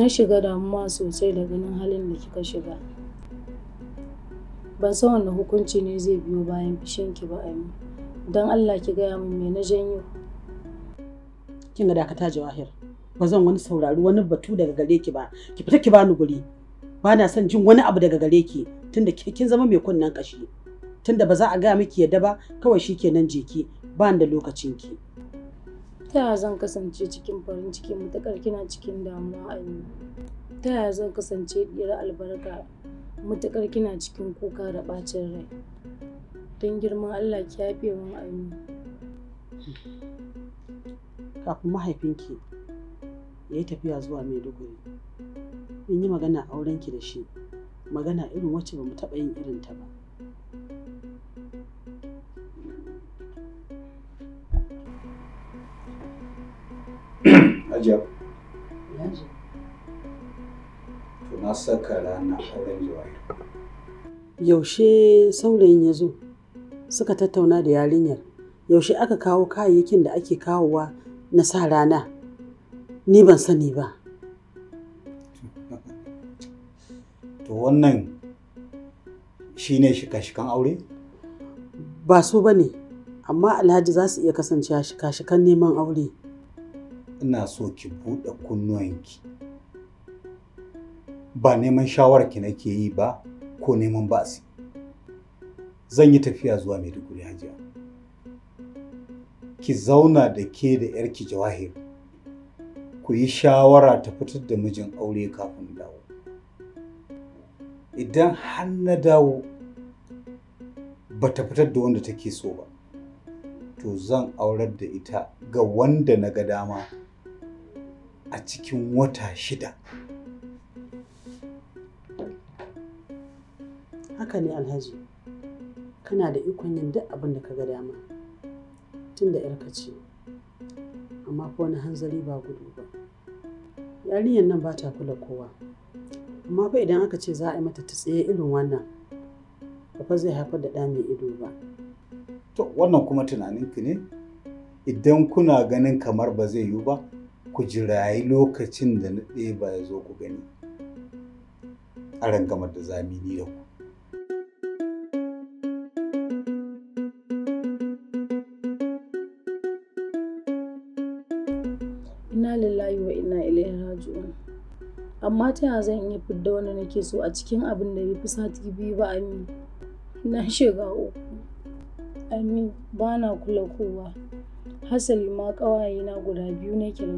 Na shiga damuwa sosai da ganin halin da kika shiga. Ban san wanne hukunci ne zai biyo bayan ki ba a Don Allah ki gaya mun me na janyo. Kin ga dakata Jawahir. Ba zan wani saurari wani batu daga gare ki ba. Ki fita ki bani guri. Ba na son jin wani abu daga gare ki tunda kin zama mai kunnen kashi. Tunda ba za a gaya miki yadda ba kawai shikenan jiki ki ba da lokacin ki. ta yaya zan kasance cikin farin ciki mutakar kina cikin damuwa a yi ta yaya zan kasance ɗiyar albarka mutakar kina cikin kuka da ɓacin rai don girman allah ki yafe min yi. kafin mahaifinki ya yi tafiya zuwa maiduguri in yi magana aurenki da shi magana irin wacce ba mu taɓa yin irin ta ba Ajab. Yaushe saurayin ya zo suka tattauna da yarinyar. Yaushe aka kawo kayayyakin da ake kawowa na sa rana. Ni ban sani ba. To wannan shi ne shika-shikan aure? Ba su ba ne, amma Alhaji za su iya kasancewa shika-shikan neman aure. ina so ki buɗe kunnuwanki ba neman shawararki nake yi ba ko neman ba'asi zan yi tafiya zuwa maiduguri hajiya ki zauna da ke da yarki jawahir ku yi shawara ta fitar da mijin aure kafin dawo idan har na dawo ba ta fitar da wanda take so ba to zan aurar da ita ga wanda na ga dama a cikin wata shida haka ne alhaji kana da ikon yin duk abin da ka ga dama tun da yarka ce amma ko wani hanzari ba gudu ba yarinyar nan ba ta kula kowa amma fa idan aka ce za a yi mata ta tsaye irin wannan ba fa zai haifar da ɗa mai ido ba to wannan kuma tunaninki ne idan kuna ganin kamar ba zai yiwu ba ku jirayi lokacin da na ba ya zo ku gani a rangamar da zamini da ku inna lillahi wa ina ilaihi raji'un amma ta yaya zan iya fidda wanda nake so a cikin abin da bai fi sati biyu ba amin na shiga uku amin ba na kula kowa hasali ma ƙawayena guda biyu nake da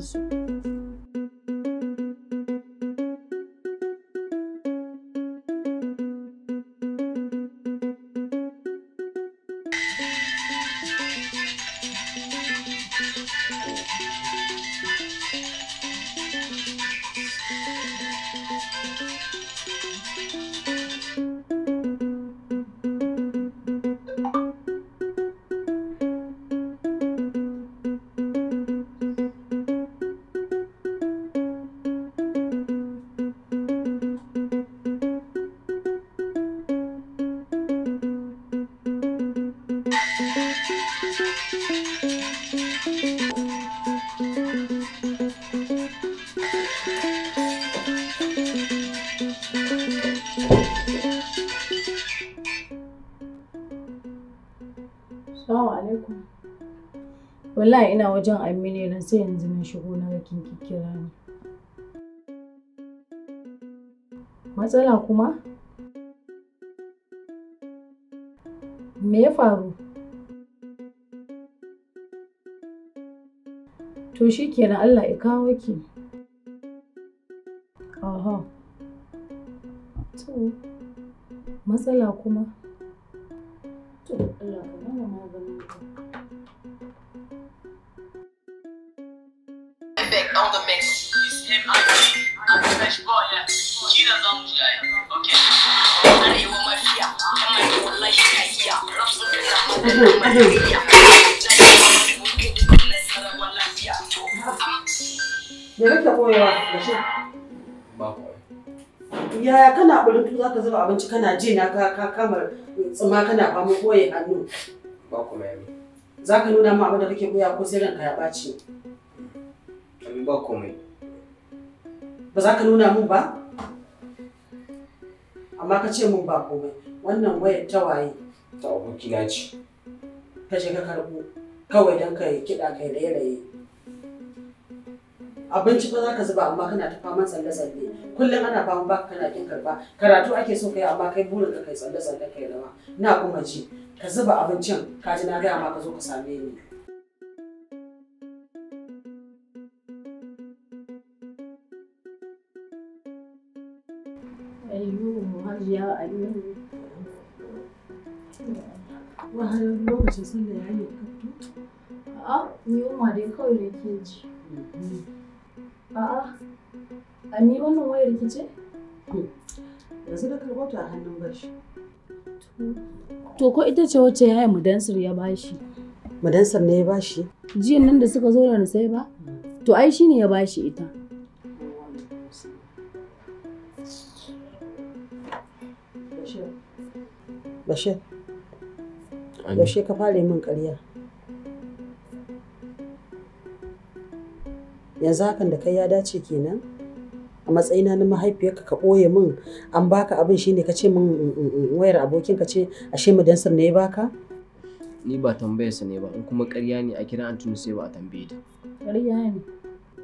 wallahi ina wajen amine nan sai yanzu na shigo na ga kin kikkira matsala kuma me ya faru to shi kenan Allah ya kawo ki aha to matsala kuma Yaya kana ɓarin za ka zuba abinci kana ji na ka kama tsuma kana fama koyi hannu? Ba kuma yami. Za ka nuna ma abin da kake koya ko sai ranka ya ɓaci? ba komai. ba za ka nuna mun ba amma ka ce mun ba komai wannan wayar ta waye ta abokina ce ka je ka karbo kawai don ka kiɗa kai raye-raye abinci ba za ka zuba amma kana ta faman tsalle-tsalle kullum ana fama baka kana kin karba karatu ake so kai amma kai burin ka kai tsalle-tsalle kai rawa na kuma ji ka zuba abincin ka ji na gaya ma ka zo ka same ni Wahalar lokacin sun da yayi ka A'a, ni yunwa dai kawai da ke ji. A'a, a ni wannan wayar ki ce? Yanzu da karɓo ta a hannun bashi. To ko ita ce wacce ya yaya Mudansir ya bashi? Mudansir ne ya bashi? Jiyan nan da suka zo da sai ba? To ai shine ya bashi ita. Bashir, yaushe ka fara min ƙarya. Yanzu hakan da kai ya dace kenan? A matsayina na mahaifiyarka ka ɓoye min an baka abin shine ka ce min mm, mm, mm, wayar abokin ka ce ashe madansar ne ya baka? Ni ba tambayar sa ne ba, in kuma ƙarya ne a kira Antunu sai ba a tambaye ta. Ƙarya ne.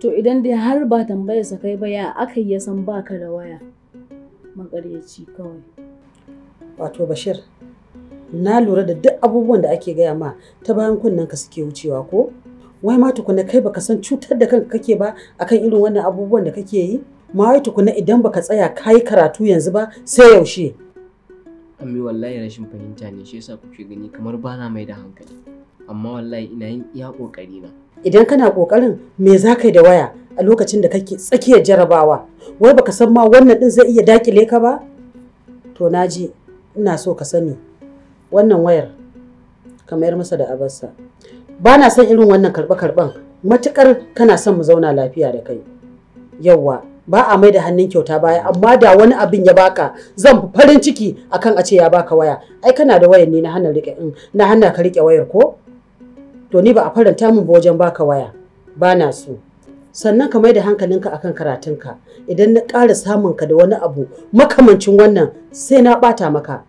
To idan dai har ba tambayar sa kai ba ya aka ya san baka da waya. Maƙaryaci kawai. Wato Bashir, na lura da duk abubuwan da ake gaya ma ta bayan kunnen ka suke wucewa ko wai ma tukuna kai baka san cutar da kanka kake ba akan irin wannan abubuwan da kake yi ma wai tukuna idan baka tsaya kayi karatu yanzu ba sai yaushe amma wallahi rashin fahimta ne shi yasa kuke gani kamar bana mai da hankali amma wallahi ina yin iya kokari na idan kana kokarin me za ka yi da waya a lokacin da kake tsakiyar jarabawa wai baka san ma wannan din zai iya dakile ka ba to naji ina so ka sani wannan wayar kamar masa da abarsa ba na son irin wannan karɓe-karɓen matuƙar kana son mu zauna lafiya da kai yawwa ba a mai da hannun kyauta baya amma da wani abin ya baka zan farin ciki akan a ce ya baka waya ai kana da wayar ne na hannun rike na hana ka rike wayar ko to ni ba a faranta min ba wajen baka waya ba na so sannan ka mai da hankalinka akan karatunka idan na ƙara samunka da wani abu makamancin wannan sai na ɓata maka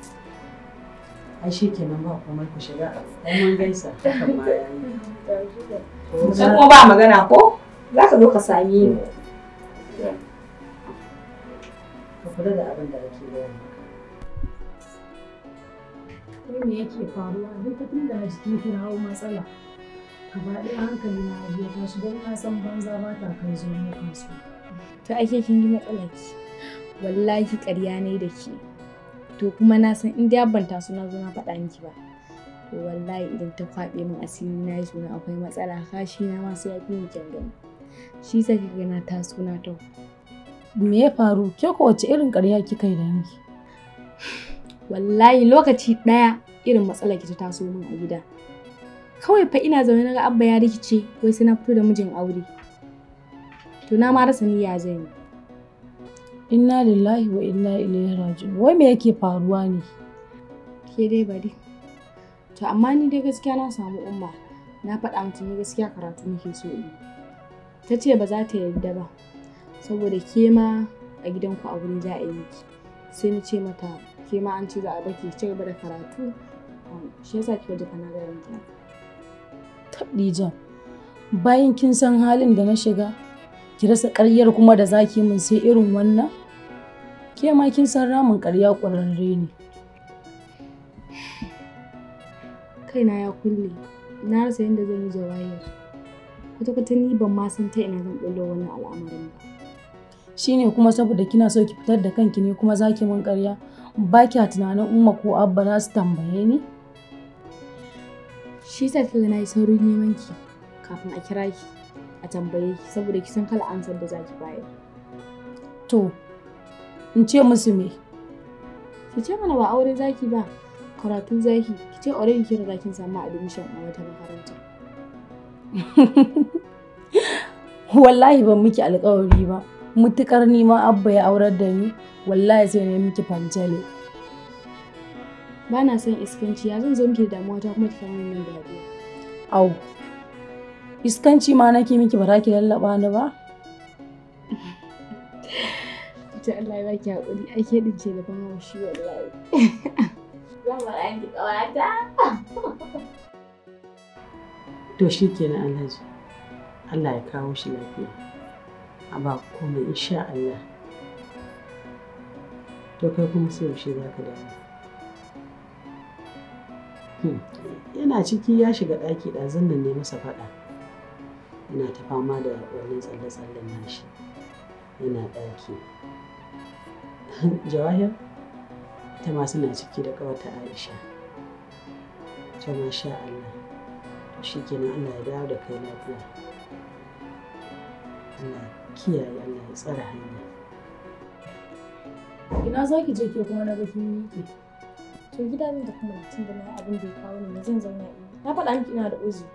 ai shi kenan ba komai ku shiga ai gaisa hakan ma yayi sai ko ba magana ko za ka zo ka same ni ka kula da abin da ake yi kai me yake faruwa duk ta tun da na jiki kirawo matsala ka gaba ɗaya hankali na ya tashi don na san banza ba ta kai zo ne kansu to ake kin yi matsala ki wallahi ƙarya ne da ke to kuma na san in dai ban taso na zo na faɗa miki ba to wallahi idan ta kwaɓe min asiri na yi suna akwai matsala kashi na ma sai ya fi gani shi sa kika gana ta suna ta me ya faru ke ko wace irin ƙarya kika yi da niki wallahi lokaci ɗaya irin matsala ki ta taso min a gida kawai fa ina zaune na ga abba ya rikice wai sai na fito da mijin aure to na ma rasa niyya zan yi Inna lillahi wa inna ilaihi raji'un. Wai me yake faruwa ne? Ke dai bari. To amma ni dai gaskiya na samu umma. Na faɗa mutum ni gaskiya karatu nake so in. Ta ce ba za ta yarda ba. Saboda ke ma a gidanku a wurin za a yi miki. Sai ni ce mata ke ma an ce za a baki ci gaba da karatu. Um, shi yasa ki waje kana ga yanki. Jan. Bayan kin san halin da na shiga, ki rasa ƙaryar kuma da zaki mun, sai irin wannan? ke ma kin san ramin ƙarya ƙwararre ne kaina ya kulle na rasa yadda zan yi jawayi. kwata-kwata ni ban ma san ta ina zan ɓullo wani al'amarin ba shine kuma saboda kina so ki fitar da kanki ne kuma zaki mun ƙarya ba kya tunanin umma ko abba za su tambaye ni shi sa kika na yi saurin neman ki kafin a kira ki a tambaye ki saboda ki san kala ansar da zaki bayar to in ce musu me ki ce mana ba aure zaki ba karatu zaki ki ce aure ki kira zakin samu admission a wata makaranta wallahi ban miki alƙawari ba mutukar neman abba ya aurar da ni wallahi sai na miki fanjale ba na son iskanci ya zan zo miki da damuwa ta kuma ki kawo min daɗi au iskanci ma nake miki ba za ki lallaba ni ba ta Allah ya baki haƙuri ai ke ɗin ce da ban shi wallahi zan faɗa miki ƙawata to shi kenan alhaji Allah ya kawo shi lafiya a ba komai insha Allah to kai kuma sai yaushe za ka dawo hmm. yana ciki ya shiga ɗaki ɗazun nan ne masa faɗa Ina ta fama da wannan tsalle-tsallen nashi yana ɗaki jawahir ta ma suna ciki da kawata aisha ta sha allah shi kenan allah ya dawo da kai lafiya allah kiyaye allah ya tsara hanya ina za ki je ke kuma na bakin miƙe to gida da kuma mutum da na abin da ya kawo ni zan zauna in na faɗa miki ina da uzu.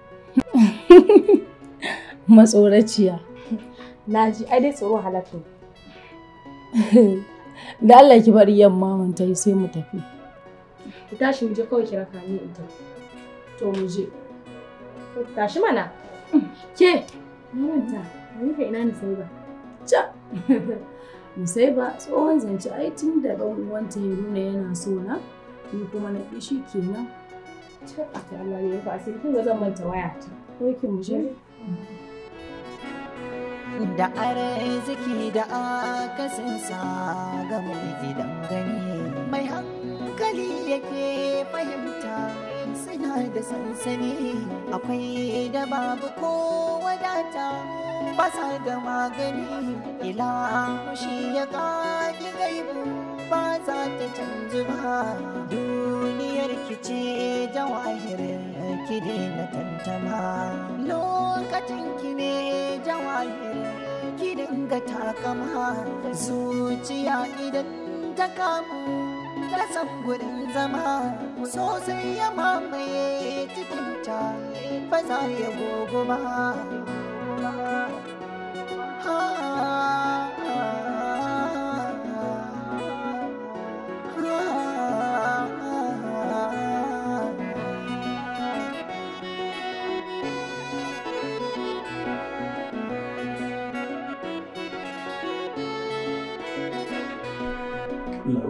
matsoraciya na ji ai dai tsoro halatu da Allah ki bari yamma mun tai sai mu tafi ki tashi mu je kawai ki raka ni ita to mu je tashi mana ke manta ni ka ina ni sai ba ca sai ba tsohon zance ai tun da ɗan uwanta ya nuna yana so na ni kuma na ƙi shi kenan ta Allah ya fa sai kin ga zan manta waya ta ko ki mu je mm. da arziki da akasinsa ga mai gidan gani mai hankali yake fahimta suna da sansani akwai da babu ko wadata basa da magani ila shi ya kaki gaibu ba za ta canzu ba duniyar ki ce jawahirin ki tantama lokacin ki ne jawahirin ki dinga takama zuciya idan ta kamu ta san zama sosai ya mamaye cikinta ba za ya gogo ha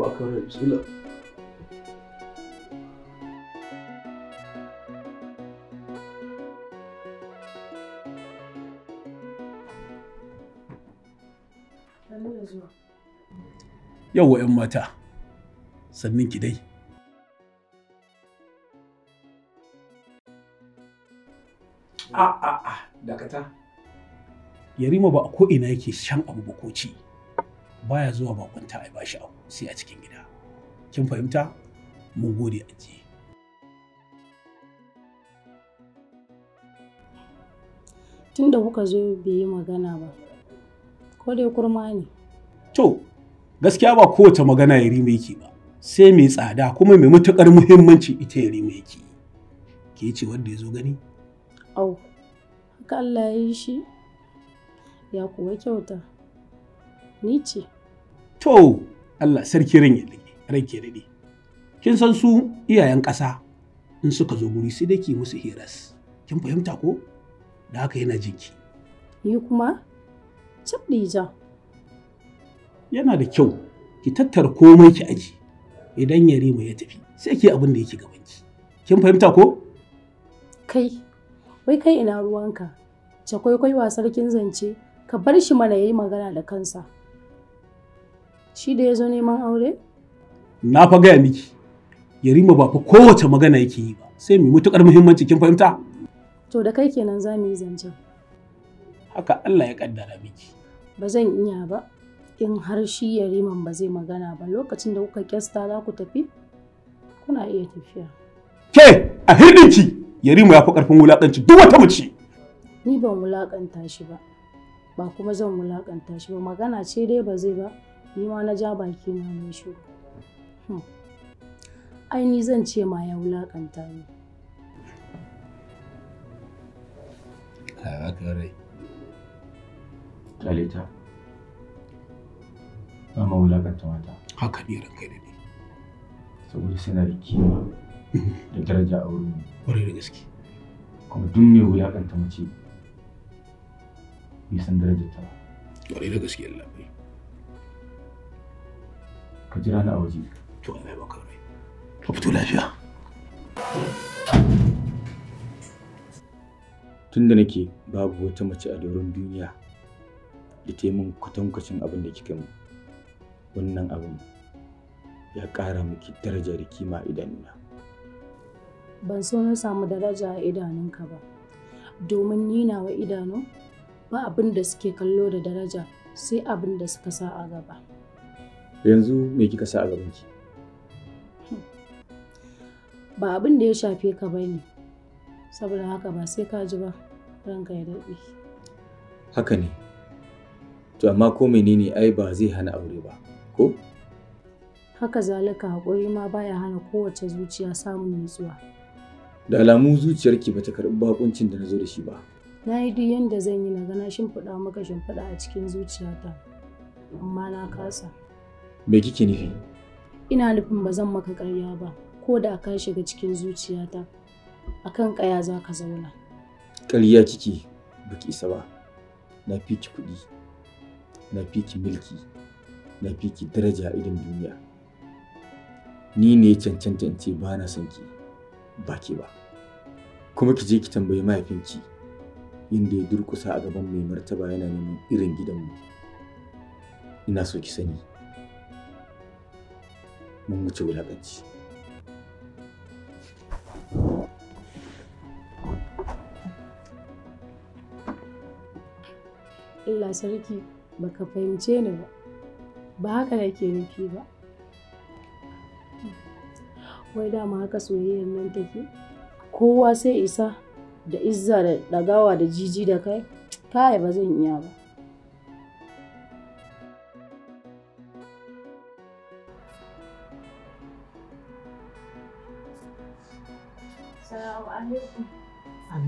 أكثر بسم الله Yawwa 'yan mata, sannin ki dai. A'a, dakata. Yarima ba a ko'ina yake shan abu ba ci. baya zuwa bakunta a bashi abu sai a cikin gida kin fahimta mun gode ajiye tun da kuka zo bai yi magana ba ko dai kurma ne to gaskiya ba kowace magana ya rime yake ba sai mai tsada kuma mai matuƙar muhimmanci ita ya rime yake ke ce wanda ya zo gani au haka Allah ya yi shi ya kuwa kyauta ni ce to Allah sarki ran ya ranke kin san su iyayen ƙasa in suka zo guri sai dai ki musu hiras kin fahimta ko da haka yana jinki ni kuma dija yana da kyau ki tattara komai ki aji idan yarima ya tafi sai ki abin da yake ki, kin fahimta ko kai wai kai ina ruwanka cakwaikwai wa sarkin zance ka bar shi mana yayi magana da kansa Shi da ya zo neman aure? Na fa gaya miki, Yarima ba fa kowace magana yake yi ba, sai mai mutuƙar muhimmanci kin fahimta? To da kai kenan za mu yi zancen. Haka Allah ya kaddara miki. Ba zan iya ba, in har shi Yariman ba zai magana ba lokacin da kuka kyasta za ku tafi, kuna iya tafiya. Ke, a hirdinki, Yarima ya fi ƙarfin wulaƙanci duk wata mace. Ni ban wulaƙanta shi ba, ba kuma zan wulaƙanta shi ba, magana ce dai ba zai ba, ni ma na ja baki na mai shiru hmm. ai ni zan ce ma ya wulakanta ni haka rai kalita ba ma wulakanta mata haka ne ranka da ne saboda suna da kima da daraja a wurin kwarai da gaske kuma duk mai wulakanta mace bai san darajar ta ba kwarai da gaske Allah bai ka jira ni a waje to Allah ya baka rai ka fito lafiya tunda nake babu wata mace a doron duniya da ta yi min kwatankwacin abin da kika min wannan abin ya ƙara miki daraja da kima idanuna ban so na samu daraja a idanunka ba domin ni nawa idanu ba abin da suke kallo da daraja sai abin da suka sa a gaba yanzu me kika sa a gabanki ba abin da ya shafe ka ba ne saboda haka ba sai ka ji ba ranka ya daɗe haka ne to amma ko menene ai ba zai hana aure ba ko haka zalika haƙuri ma baya hana kowace zuciya samun nutsuwa da alamu zuciyarki bata karɓi bakuncin da na zo da shi ba na yi duk yadda zan yi na gana shimfiɗa maka shimfiɗa a cikin zuciyata amma na kasa Me kike nufi? Ina nufin ba zan maka ƙarya ba, ko da ka shiga cikin zuciyata. A kan ƙaya za ka zauna. Ƙarya kike baki isa ba. Na fi ki kuɗi, na fi ki mulki, na fi ki daraja irin duniya. Ni ne cancanta in ce ba na son ki, ba ki ba. Kuma ki je ki tambayi mahaifinki inda ya durkusa a gaban mai martaba yana neman irin gidanmu. Ina so ki sani. mun wuce wulaƙanci Allah sarki baka fahimce ni ba ba haka ke nufi ba wai dama haka soyayyar nan take kowa sai isa da izza da ɗagawa da jiji da kai kai ba zan iya ba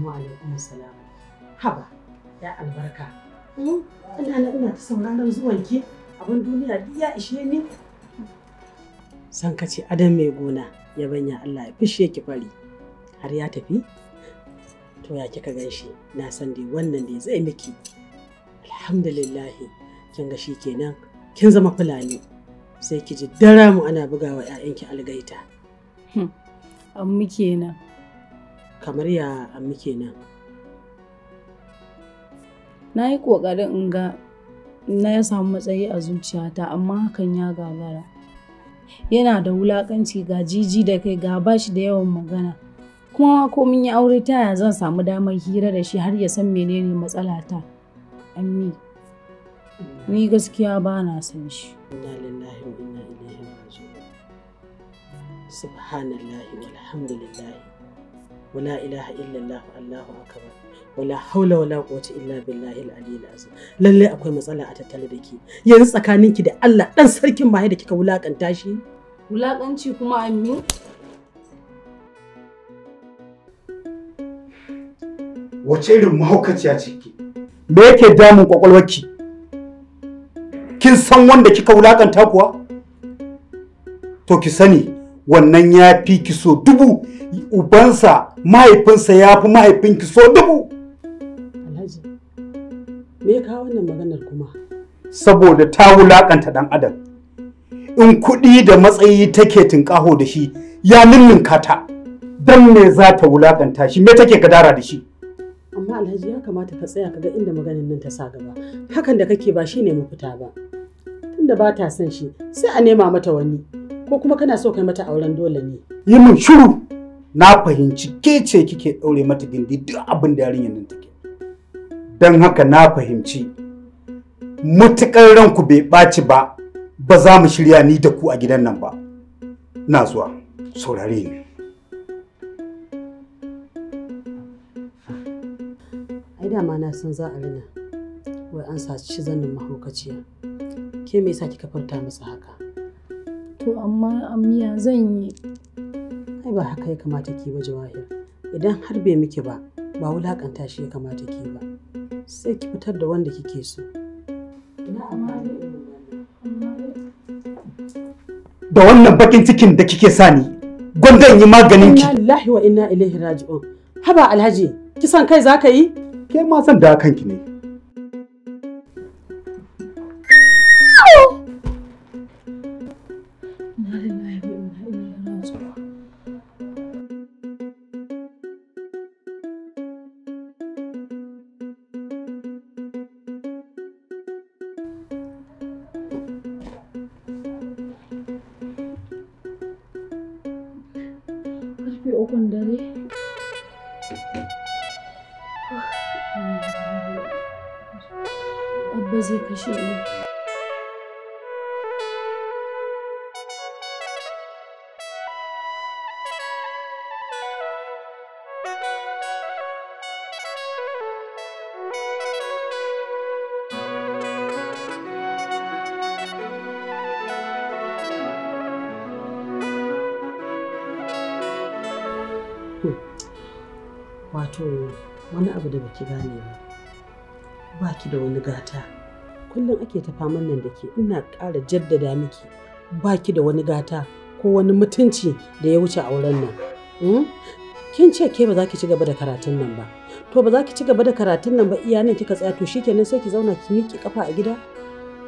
wa alaikum salam haba ya albarka ina hmm, na ina ta sauraron zuwan ki abin duniya duk ya ishe ni san ka ce adam mai gona ya banya Allah ya fishe ki fari har ya tafi to ya kika ganshi na san dai wannan da zai miki alhamdulillahi kin ga shi kenan kin zama fulani sai ki ji dara mu ana bugawa 'ya'yanki algaita. Hmm. muke nan. kamar ya muke nan na yi ƙoƙarin in ga na ya samu matsayi a zuciyata amma hakan ya gagara yana da wulaƙanci ga jiji da kai ga bashi da yawan magana kuma ko mun yi aure ta ya zan samu damar hira da shi har ya san menene matsalata ammi ni gaskiya ba na san shi inna lillahi wa inna ilaihi raji'un subhanallahi walhamdulillahi ولا إله إلا الله والله أكبر wala haula wala quwwata illa billahi al-aliyyil azim lalle akwai matsala a tattare da ke yanzu tsakaninki da Allah dan sarkin baya da kika wulakanta shi wulakanci kuma ammi wace irin mahaukaciya ce ke me yake damun kwakwalwarki kin san wanda kika wulakanta kuwa to ki sani wannan ya fi ki so dubu ubansa mahaifinsa ya fi mahaifinki so dubu. Alhaji, me ya kawo wannan maganar kuma? Saboda ta wulaƙanta ɗan adam. In kuɗi da matsayi take tunƙaho da shi ya lullunka ta. Don me za ta wulaƙanta shi me take gadara da shi? Amma Alhaji ya kamata ka tsaya ka ga inda maganar nan ta sa gaba. Hakan da kake ba shi ne mafita ba. Tunda ba ta son shi sai a nema mata wani. Ko kuma kana so kai mata auren dole ne. Yi min shiru. na fahimci ke ce kike ɗaure mata gindi duk abin da yarinyar nan take don haka na fahimci mutuƙar ranku bai ɓaci ba ba za mu shirya ni da ku a gidan nan ba na zuwa saurare ni aida dama na san za a rina wai an saci zannin mahaukaciya ke me yasa kika farta musu haka to amma amiya zan yi ai ba haka ya kamata ki ba jawahir idan har bai miki ba ba wulakanta shi ya kamata ki ba sai ki fitar da wanda kike so da wannan bakin cikin da kike sani gwandan yi maganin ki lillahi wa inna ilaihi raji'un haba alhaji kisan kai zaka yi ke ma san da kanki ne karfe ukun dare abba zai kashe ni wani abu da baki gane ba ba da wani gata kullum ake ta faman nan da ke ina ƙara jaddada miki baki da wani gata ko wani mutunci da ya wuce auren nan hmm? kin ce ke ba za ki ci gaba da karatun nan ba to ba za ki ci gaba da karatun nan ba iya nan kika tsaya to shikenan sai ki zauna ki miƙe kafa a gida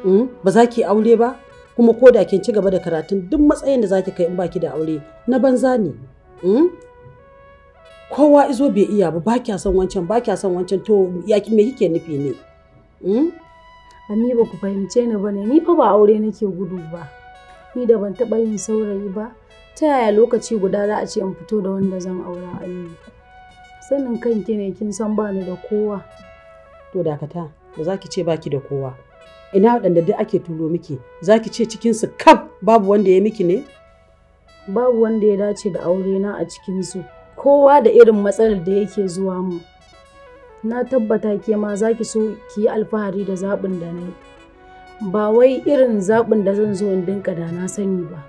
hmm? ba za ki aure ba kuma ko da kin ci gaba da karatun duk matsayin da za ki kai in baki da aure na banza ne hmm? kowa izo bai iya ba ba kya son wancan ba kya son wancan to ya me kike nufi ne hmm? Ami ba ku fahimce ni bane ni fa ba aure nake gudu ba ni da ban taɓa yin saurayi ba ta yaya lokaci guda za a ce in fito da wanda zan aura Ami sanin kanki ne kin san ba ni da kowa to dakata da zaki ce baki da kowa ina waɗanda duk ake tulo miki zaki ce cikin su kaf babu wanda ya miki ne babu wanda ya dace da aure na a cikin su kowa da irin matsalar da yake zuwa mu na tabbata ke ma za ki so ki yi alfahari da zaɓin da na yi ba wai irin zaɓin da zan zo in dinka da na sani ba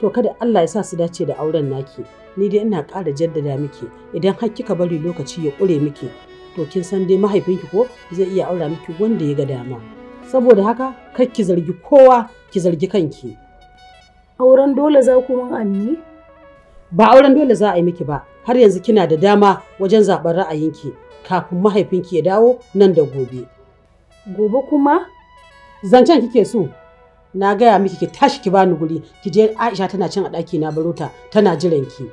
to kada Allah ya sa su dace da auren naki ni dai ina ƙara jaddada miki idan har kika bari lokaci ya ƙure miki to kin san dai mahaifinki ko zai iya aura miki wanda ya ga dama saboda haka kar ki zargi kowa ki zargi kanki auren dole za ku mun amini ba auren dole za a yi miki ba har yanzu kina da dama wajen zaɓar ra'ayinki kafin mahaifinki ya dawo nan da gobe gobe kuma zancen kike so na gaya miki ki tashi ki bani guri ki je Aisha tana cin a ɗaki na barota tana jiran ki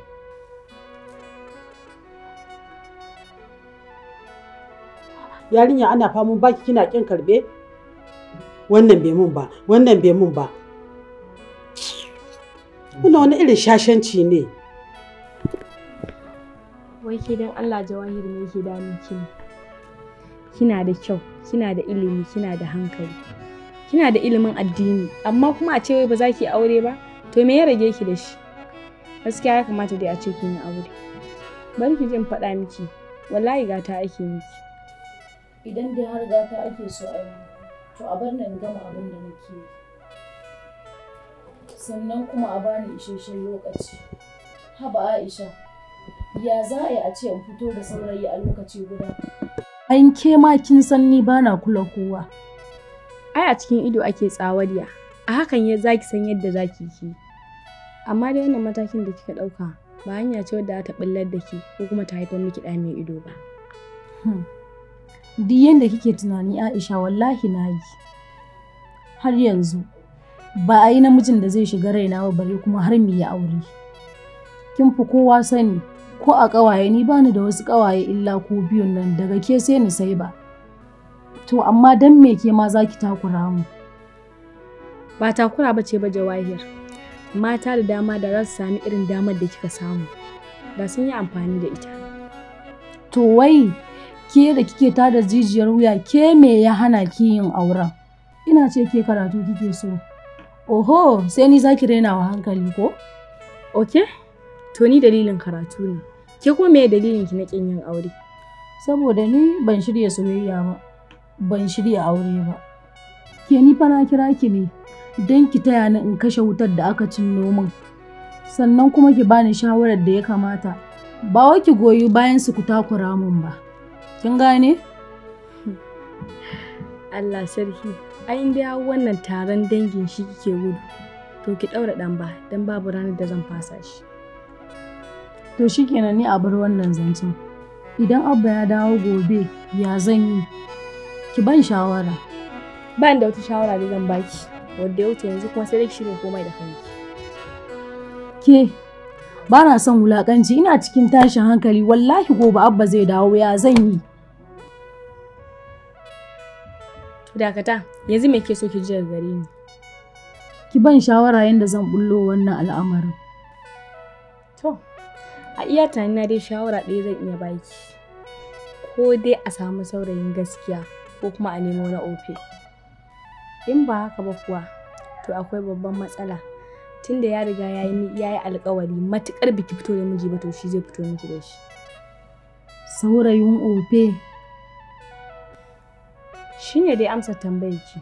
yarinya ana famun baki kina kin karbe wannan bai mun ba wannan bai mun ba wannan wani irin shashanci ne wai ke dan Allah jawahir ne ke damun ki kina da kyau kina da ilimi kina da hankali kina da ilimin addini amma kuma a ce wai ba za ki aure ba to me ya rage ki da shi gaskiya ya kamata dai a ce kin aure bari ki jin faɗa miki wallahi gata ake miki idan dai har gata ake so a yi to a bar nan gama abin da nake yi sannan kuma a bani isasshen lokaci haba aisha ya za a yi a ce in fito da saurayi a lokaci guda an ke ma kin san ni bana kula kowa ai a cikin ido ake tsawariya a hakan ya zaki san yadda zaki ki amma dai wannan matakin da kika ɗauka ba hanya ce wadda ta ɓullar da ke ko kuma ta haifar miki ɗa mai ido ba hmm. duk yadda kike tunani aisha wallahi na yi har yanzu ba a yi namijin da zai shiga raina ba bare kuma har mu yi aure kin fi kowa sani ko a ƙawaye ni bani da wasu ƙawaye illa ko biyun nan daga ke sai ni sai ba to amma dan me ke ma za ki takura mu ba takura ba ce ba jawahir mata da dama da za su sami irin damar da kika samu da sun yi amfani da ita to wai ke da kike tada jijiyar wuya ke me ya hana ki yin auren ina ce ke karatu kike so oho sai ni zaki ki wa hankali ko okay? To ni dalilin karatu ne. Ki kuma me dalilin ki na kin yin aure? Saboda ni ban shirya soyayya ba, ban shirya aure ba. Ke ni fa kira ki ne don ki taya ni in kashe wutar da aka cin nomin Sannan kuma ki bani shawarar da ya kamata. Ba wai ki goyi bayan su ku takura min ba. Kin gane? Allah sarki, ai dai wannan taron dangin shi kike gudu. To ki ɗaura ɗan ba, don babu ranar da zan fasa shi. to shi kenan ni a bar wannan zancen idan abba ya dawo gobe ya zan yi ki ban shawara ban da wata shawara da zan baki wadda ya wuce yanzu kuma sai dai shirin komai da kanki ke ba na son wulakanci ina cikin tashin hankali wallahi gobe abba zai dawo ya zan yi dakata yanzu me ke so ki ji gare ni ki ban shawara yadda zan bullo wannan al'amarin a iya tunanina dai shawara ɗaya zan iya baki ko dai a samu saurayin gaskiya ko kuma a nemo na ofe in ba haka ba kuwa to akwai babban matsala tunda ya riga ya yi alkawari matukar biki fito da miji ba to shi zai fito miki da shi saurayin ofe shine dai amsa tambayar ki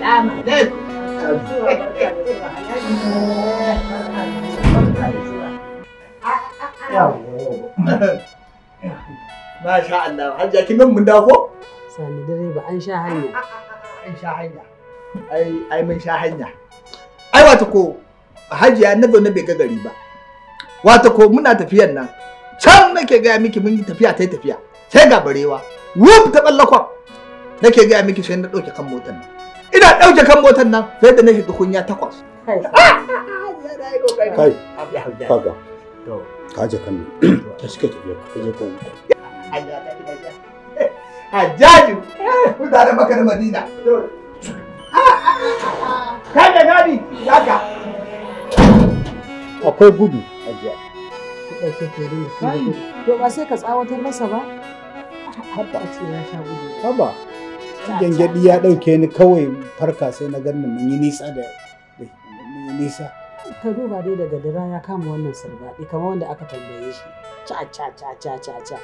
Salamu alaikum. Masha Allah, hajja kin mun dawo ko? Sani direba an sha hanya. An sha hanya. Ai ai mun sha hanya. Ai wato ko hajiya na zaune bai ga gari ba. Wata ko muna tafiyan nan. Can nake gaya miki mun tafiya ta tafiya. Sai ga barewa. Wuf ta ballakon. Nake gaya miki sai na ɗauke kan motar nan. ina ɗauke kan motar nan sai da na shiga kunya takwas. Kai, ah! kaga, ka je kan ta suke tafiya ka je kan Hajjaju, maka da Madina. gadi, Akwai gudu, To ba sai ka tsawatar masa ba? Haba. Haba. gyangyaɗi ya ɗauke ni kawai farka sai na gan mun yi nisa da nisa. Ka duba dai daga dira ya kama wannan sarbaɗi kamar wanda aka tambaye shi. Ca ca ca ca ca ca.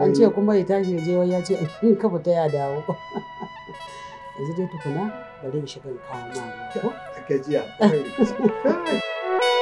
An ce kuma ya tashi je ya ce in ka fita ya dawo. Yanzu dai tukuna bari in shiga kawo ma. Ka jiya.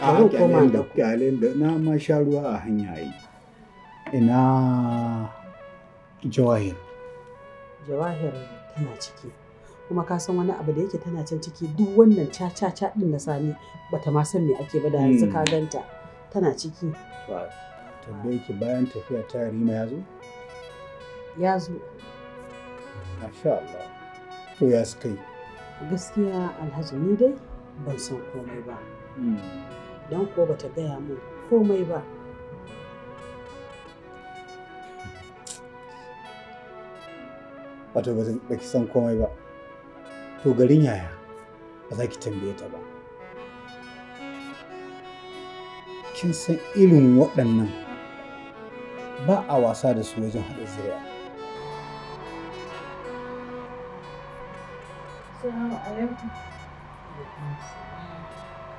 a hankalin ah, da kyalen da na ma sha ruwa a hanya yi ina jawahir jawahir tana ciki kuma ka san wani abu da yake tana can ciki duk wannan caca din na sani bata ma san me ake ba da hmm. yanzu ka ganta tana ciki tambaye ki bayan tafiya ta rima ya zo ya zo masha Allah to ya suka yi gaskiya alhaji ni dai ban san komai ba hmm. Idan kuwa bata gaya min komai ba wato ba ki san komai ba to garin yaya ba za ki tambaye ta ba kin san irin waɗannan ba a wasa da su wajen haɗa zuriya Assalamu alaikum.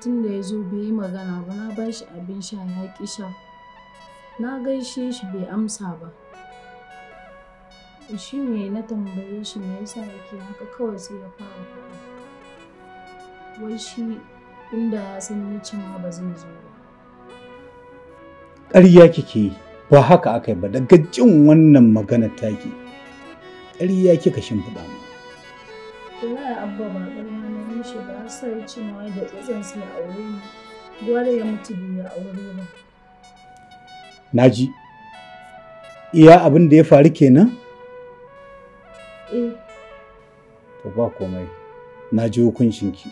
tun da ya zo bai yi magana ba na ba shi abin sha ya ƙi sha. Na gaishe shi bai amsa ba. Shi ne na tambaye shi me yasa yake haka kawai sai ya fara faɗa. Wai shi inda ya san ni ma ba zai zo ba. Ƙarya kike ba haka aka yi ba daga jin wannan magana ke. Ƙarya kika shimfiɗa abba ba ƙarya auren shi ba sai cewa da izan sai wuri ne gwara ya mutu biya aure ba naji iya abin da ya faru kenan eh to ba komai na ji hukuncinki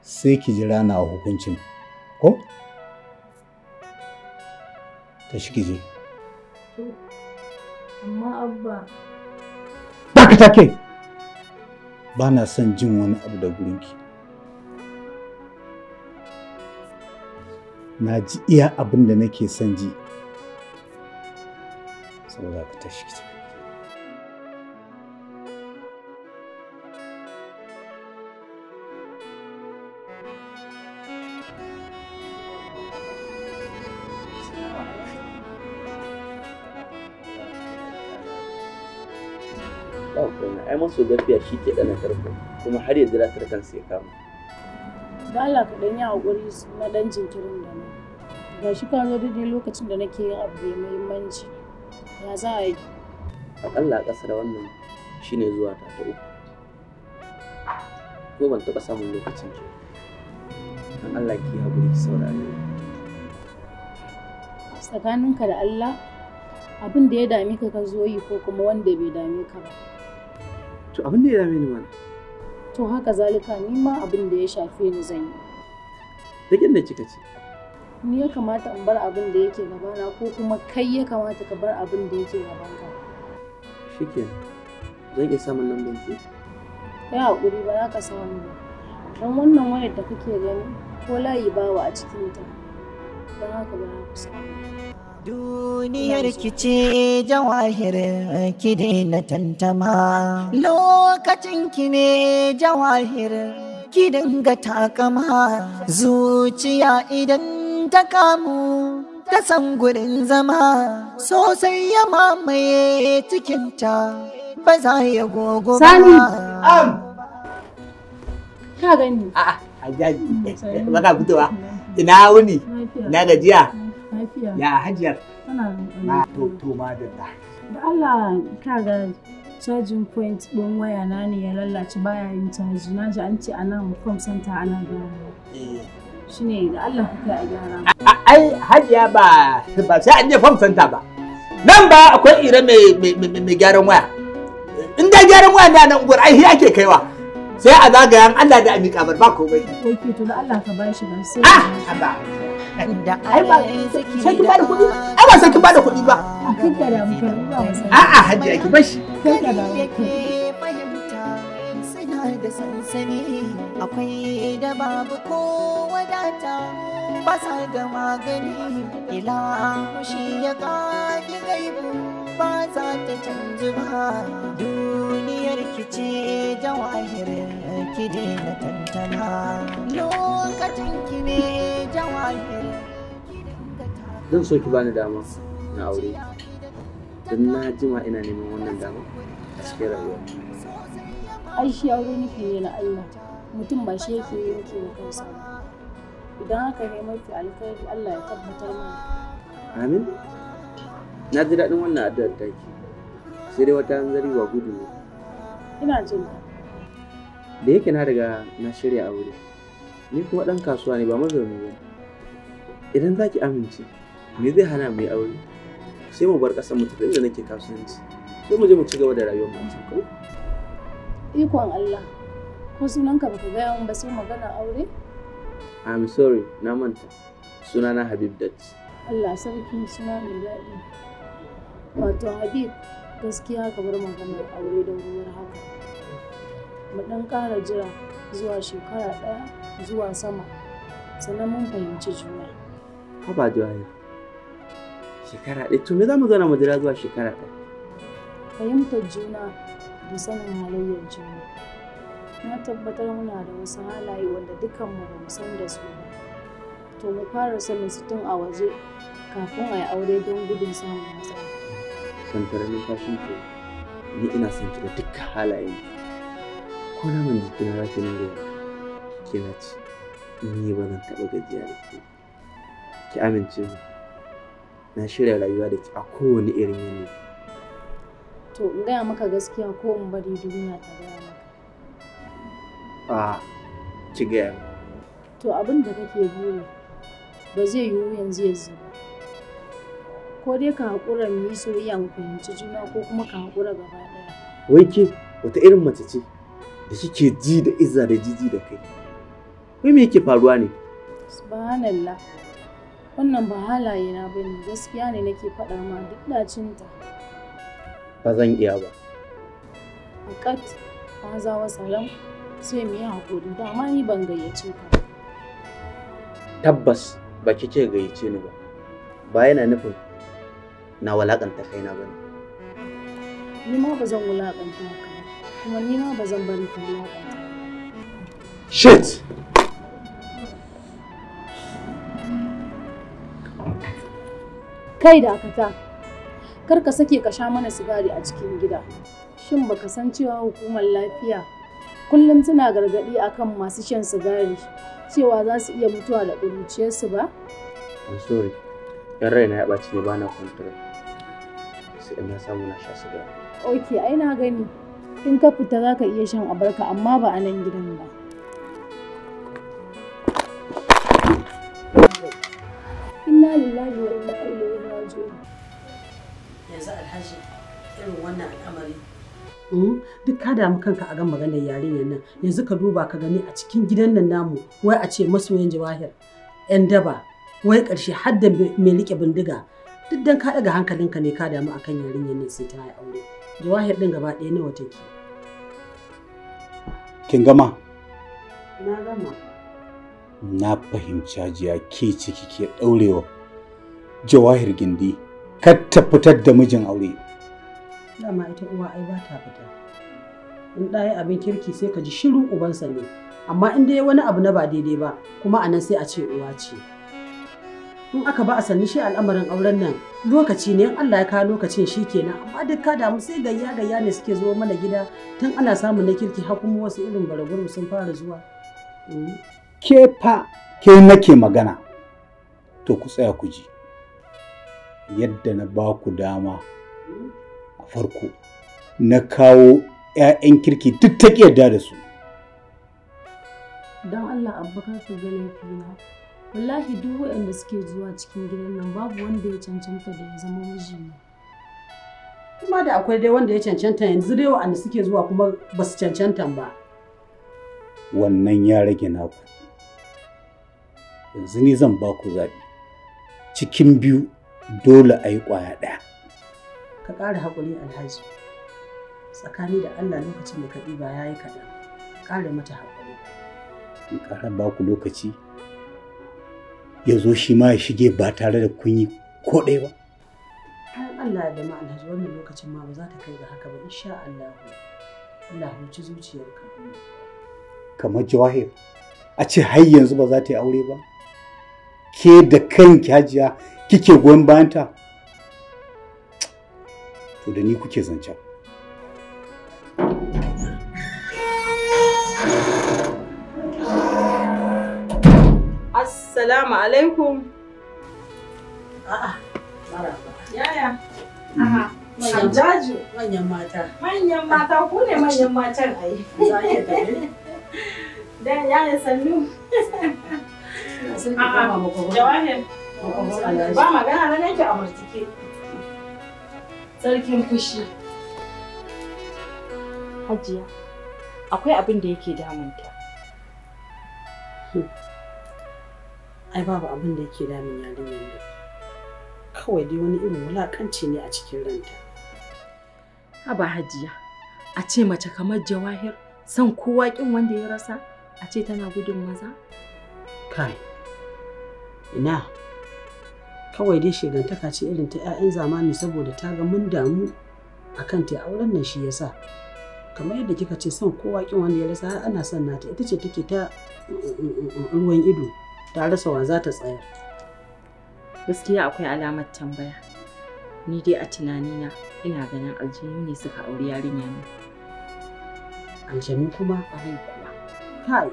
sai ki jira na hukuncin ko ta shi ki je amma abba ba take ba na son jin wani abu da gurinki na ji iya abin da nake son ji saboda ka tashi maso gafiya shi ke ɗana tarko kuma har yanzu na tarkan sai kama. Da Allah ka ɗan yi haƙuri na ɗan jinkirin da na. Ga shi ka zo daidai lokacin da nake yin abu mai muhimmanci. Ya za a yi? Aƙalla a ƙasa da wannan shine zuwa ta ta uku. Ko ban taɓa samun lokacin ki. Dan Allah ki haƙuri ki saurare. Tsakaninka da Allah abin da ya dame ka ka zo yi ko kuma wanda bai dame ka ba. to abin da ya dame ni mana to haka zalika ni ma abin da ya shafe ni zan yi da da kika ce ni ya kamata in bar abin da yake gabana ko kuma kai ya kamata ka bar abin da yake ka shikenan zan iya samun nan ki kai hakuri ba za ka samu ba don wannan wayar da kake gani ko layi bawa a cikin ta don haka ba za ku samu Duniyar ki ce jawahir ki daina tantama lokacin ki ne jawahir ki dinga takama zuciya idan ta kamu ta san gurin zama sosai ya mamaye cikinta ba za ya gogo ba. Sani! Am! Ka gani? A'a, a ba ka fitowa. Ina wuni? Na gajiya? Lafiya. Ya hajiyar. Tana Na to to madalla. Da Allah kaga ga charging point ɗin waya na ne ya lallace baya yin caji na ji an ce a nan from center ana gyara. Eh. Shi ne da Allah kuka a gyara. Ai hajiya ba ba sai an je from center ba. Nan ba akwai ire mai gyaran waya. In da gyaran waya ne a nan unguwar ai ake kaiwa. sai a zagayen Allah da amika bar ba komai. Ok to da Allah ka bashi ba sai. Ah, Allah. da ai ba sai kin bada kuɗi ba a da a hajji ake bashi da sansani akwai da babu ko wadata ba sa da magani ila shi ya gaibu ba za ta canzu ba duniyar ki ce jawahirin ki daina tantama lokacin ki ne jawahirin zan so ki bani dama na aure don na jima ina neman wannan dama a cikin rayuwa ai shi aure nufi ne na Allah mutum ba shi yake yanke wa kansa ba idan haka ne mafi alkhairi Allah ya tabbatar mana amin na ji daɗin wannan addu'ar take sai dai wata hanzari wa gudu ne ina jin ka da yake na riga na shirya aure ni kuma ɗan kasuwa ne ba mazauni ba idan za ki amince me zai hana mu yi aure sai mu bar ƙasar mu tafi inda nake kasuwanci sai mu je mu ci gaba da rayuwar mu ko ikon Allah ko sunanka baka gaya min ba sai magana aure I'm sorry na manta sunana Habib Dat Allah sarki suna mai daɗi wato habib gaskiya ka bar maganar aure da ruwar haka mu ɗan ƙara jira zuwa shekara ɗaya zuwa sama sannan mun fahimci juna haba jawaye shekara ɗaya to me za mu zauna mu jira zuwa shekara ɗaya fahimtar juna da sanin halayyar juna na tabbatar muna da wasu halaye wanda mu ba mu san da su ba to mu fara sanin su tun a waje kafin a yi aure don gudun samun matsala na numfashin ki ni ina son ki da duk halayen ko na man jikina za ki nuna kina ci ni ba zan taɓa gajiya da ke ki amince mu na shirya rayuwa da ki a kowane irin yanayi to in gaya maka gaskiya ko in bari duniya ta gaya maka a ki gaya to abin da kake buri ba zai yiwu yanzu yanzu ba ko dai ka haƙura mu yi soyayya mu fahimci juna ko kuma ka haƙura gaba ɗaya. Wai ke wata irin mace ce da kike ji da izza da jiji da kai. Wai me yake faruwa ne? Subhanallah. Wannan ba halaye na bane gaskiya ne nake faɗa ma duk ta Ba zan iya ba. Akat ba za wa salam sai mu yi haƙuri dama ni ban gayyace ka. Tabbas ba kike gayyace ni ba. Ba yana nufin na walakanta kaina ba ne. Ni ma ba zan walakanta ka kuma ni ma ba zan bari ka walakanta. Shit! Kai da akata, kar ka sake ka sha mana sigari a cikin gida. Shin ba ka san cewa hukumar lafiya kullum tana gargaɗi akan masu shan sigari cewa za su iya mutuwa da ƙuruciyarsu ba? I'm sorry, ‘yan raina ya ɓaci ne ba na control. idan na samu na sha sigari. Ok, ai na gani. In ka fita za ka iya shan abarka amma ba a nan gidan ba. Inna lillahi wa inna ilaihi raji'un. Yanzu Alhaji irin wannan al'amari hmm? duk ka damu kanka a gan maganar yarinyar nan yanzu ka duba ka gani a cikin gidan nan namu wai a ce masoyan jawahir yan daba wai ƙarshe har da mai rike bindiga duk dan ka daga hankalinka ne ka damu akan yarinyar nan sai ta yi aure jawahir din gaba ɗaya nawa take kin gama na gama na fahimci hajiya ke ciki ke ɗaurewa jawahir gindi kar ta fitar da mijin aure dama ita uwa ai ba ta fita in ɗaya abin kirki sai ka ji shiru ubansa ne amma in dai wani abu na ba daidai ba kuma anan sai a ce uwa ce in aka ba a sanni shi al'amarin auren nan lokaci ne in Allah ya kawo lokacin shi kenan amma duk ka damu sai gayya gayya ne suke zuwa mana gida tun ana samun na kirki har kuma wasu irin baraguru sun fara zuwa mm. ke fa ke nake magana to ku tsaya ku ji yadda na ba ku dama a farko na kawo 'ya'yan kirki duk ta da su don Allah ka su gane wallahi duk waɗanda suke zuwa cikin gidan nan babu wanda ya cancanta da ya zama mijina kuma da akwai dai wanda ya cancanta yanzu dai waɗanda suke zuwa kuma ba su cancanta ba wannan ya rage naku yanzu ni zan ba ku zaɓi cikin biyu dole a yi ƙwaya ɗaya ka ƙara haƙuri alhaji tsakani da allah lokacin da ka ɗiba ya yi kaɗan ƙara mata haƙuri in ƙara ba ku lokaci ya zo shi ma ya shige ba tare da kun yi ko ɗaya ba. Kayan Allah da ma alhaji wannan lokacin ma ba za ta kai ga haka ba insha Allah. Allah huci ka. Kamar jawahir a ce har yanzu ba za ta yi aure ba. Ke da kanki hajiya kike goyon bayanta. To da ni kuke zancen. Assalamu alaikum. Mm. Manyan mata. Manyan mata ku ne manyan matan ai. Za Dan yaya sannu. Ba magana na nake a martike. Sarkin fushi. Hajiya, akwai abin da yake damunta. Hmm. ai babu abin da yake damun yarinyar nan kawai dai wani irin wulakanci ne a cikin ranta haba hajiya a ce mace kamar jawahir san kowa kin wanda ya rasa a ce tana gudun maza kai ina kawai dai shigantaka ce irin ta 'ya'yan zamani saboda ta ga mun damu a kan ta auren nan shi yasa kamar yadda kika ce san kowa kin wanda ya rasa har ana son nata ita ce take ta mm, mm, mm, ruwan ido ta rasa wa za ta tsaya gaskiya akwai alamar tambaya ni dai a tunanina ina ganin aljanu ne suka auri yarinya ne aljanu kuma ƙwarai kuwa kai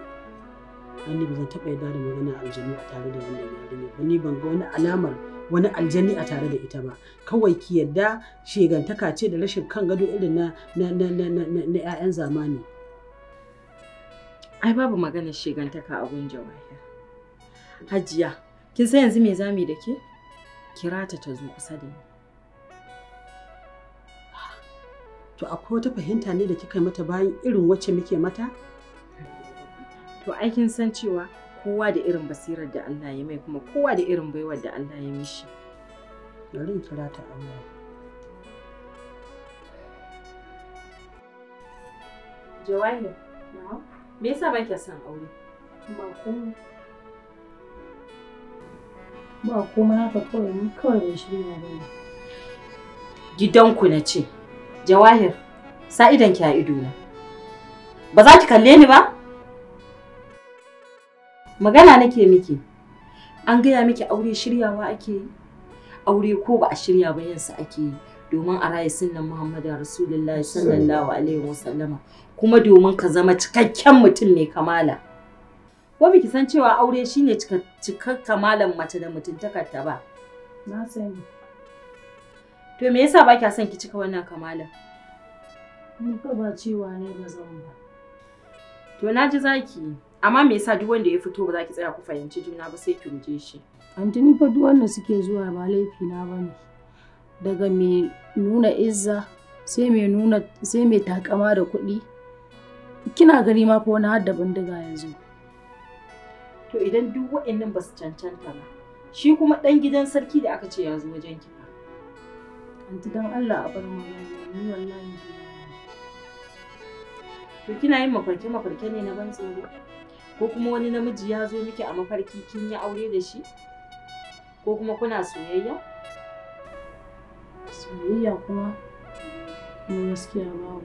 ni ba zan taɓa yarda da magana aljanu a tare da wannan yarinya ba ni ban ga wani alamar wani aljani a tare da ita ba kawai ki yarda shegantaka ce da rashin kan gado irin na na na na na na 'ya'yan zamani ai babu maganar shegantaka a gun jawahir Hajiya, kin san yanzu me yi da ke? Kira ta ta zo kusa da ni. To akwai wata fahimta ne da kika yi mata bayan irin wacce muke mata? To ai kin san cewa kowa da irin basirar da Allah ya mai kuma kowa da irin baiwar da Allah ya mishi. Bari in kira ta Allah. Jawahir, me yasa ba son aure? Ba komai. ba komai haka kawai ni kawai ban shirya ba ne gidanku na ce jawahir sa idan ki a ido na ba za ki kalle ni ba magana nake miki an gaya miki aure shiryawa ake yi aure ko ba a shirya ba yansa ake yi domin a raye sunnan Muhammadu Rasulullahi sallallahu alaihi wasallama kuma domin ka zama cikakken mutum mai kamala ko biki san cewa aure shine cikar kamalan mace da mutuntakar ta ba na sani to me yasa ba kya son ki cika wannan kamalan ni ka ba cewa ne ba zan ba to na ji zaki amma me yasa duk wanda ya fito ba za ki tsaya ku fahimci juna ba sai ki ruje shi ni fa duk wanda suke zuwa ba laifi na bane daga mai nuna izza sai mai nuna sai me takama da kuɗi kina gani ma fa wani har da bindiga ya zo to idan duk wa'annan ba su cancanta ba shi kuma ɗan gidan sarki da aka ce ya zo wajen ki fa anti dan Allah a bar mu ni wallahi to kina yin mafarke mafarke ne na ban tsoro ko kuma wani namiji ya zo miki a mafarki kin yi aure da shi ko kuma kuna soyayya soyayya kuma gaskiya ba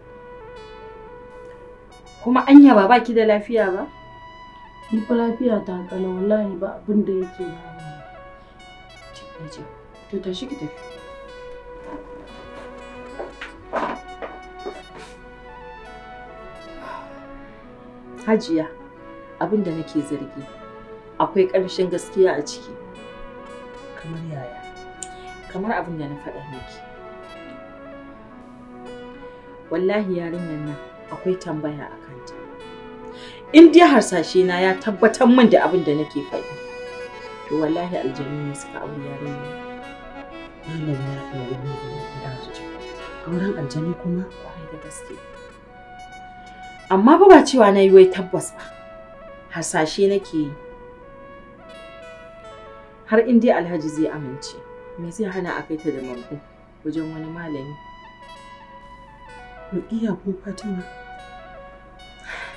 kuma anya ba baki da lafiya ba Ni fa lafiya ta kalau wallahi ba abin da yake damu. To tashi ki tafi. Hajiya, abin da nake zargi akwai karshen gaskiya a ciki. Kamar yaya? Kamar abin da na faɗa miki. Wallahi yarinyar nan akwai tambaya a kanta. in dai harsashe na ya tabbatar min da abin da nake faɗi to wallahi aljanu ne suka yaron ne. malam ya ɗaure ni da auren aljanu kuma kwarai da gaske amma ba ba cewa na yi wai tabbas ba harsashe nake yi har in dai alhaji zai amince me zai hana a kai ta da mangu wajen wani malami iya ko Fatima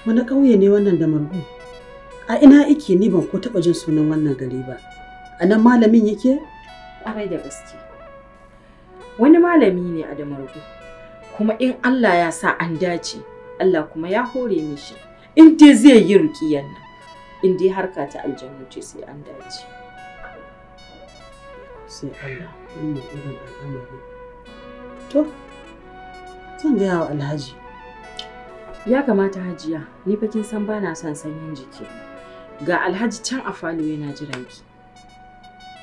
Wani ƙauye ne wannan da margu? A ina ike ni ban ko taɓa jin sunan wannan gari ba. A nan malamin yake? Ƙwarai da gaske. Wani malami ne a da margu. Kuma in Allah ya sa an dace, Allah kuma ya hore mishi. In dai zai yi rukiyar nan, in dai harka ta aljanu ce sai an dace. Sai Allah, wannan irin al'amari. To, zan gaya wa Alhaji. Ya kamata Hajiya, ni fa kin san bana son sanyin jiki. Ga Alhaji can a falo yana jiran ki.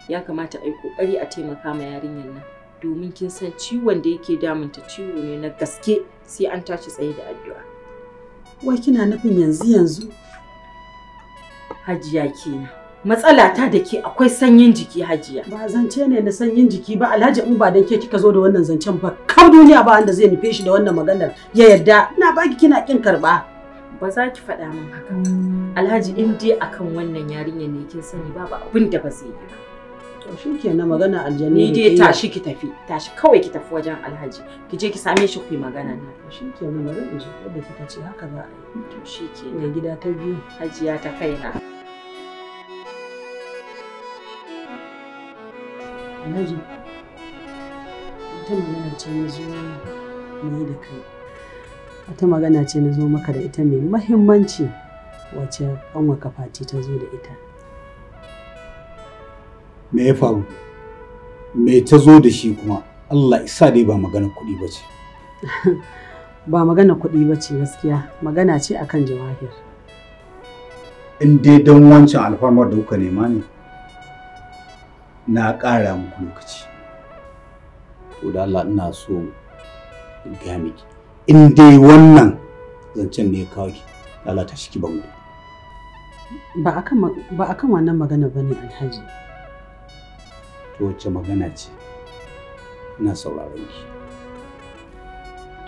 Ya kamata ai kokari a taimaka ma yarinyar nan domin kin san ciwon da yake damunta ciwo ne na gaske sai an tashi tsaye da addu'a. Wai kina nufin yanzu yanzu? Hajiya kenan. Matsala ta da ke akwai sanyin jiki Hajiya. Ba zance ne na sanyin jiki ba Alhaji in ba dan ke kika zo da wannan zancen ba har duniya ba wanda zai nufe shi da wannan maganar ya yarda ina baki kina kin karba ba za ki faɗa min haka alhaji in dai akan wannan yarinyar ne kin sani babu abin da ba zai yi ba to shi ke na magana aljanni ni dai tashi ki tafi tashi kawai ki tafi wajen alhaji ki je ki same shi ku yi magana na shi ke na magana ji da kika ce haka ba to shi ke na gida ta biyu hajiya ta kaina alhaji wata magana ce na zo mu da maka da ita mai mahimmanci wacce ƙanwa fati ta zo da ita me ya faru me ta zo da shi kuma Allah isa dai ba magana kuɗi ba ce ba magana kuɗi ba ce gaskiya magana ce akan jawahir in dai dan wancan alfarmar da kuka nema ne na ƙara muku lokaci to da Allah ina so in gaya miki in dai wannan zancen ne ya kawo ki Allah ta shiki bango ba akan ba akan wannan magana bane Alhaji to wacce magana ce ina sauraron ki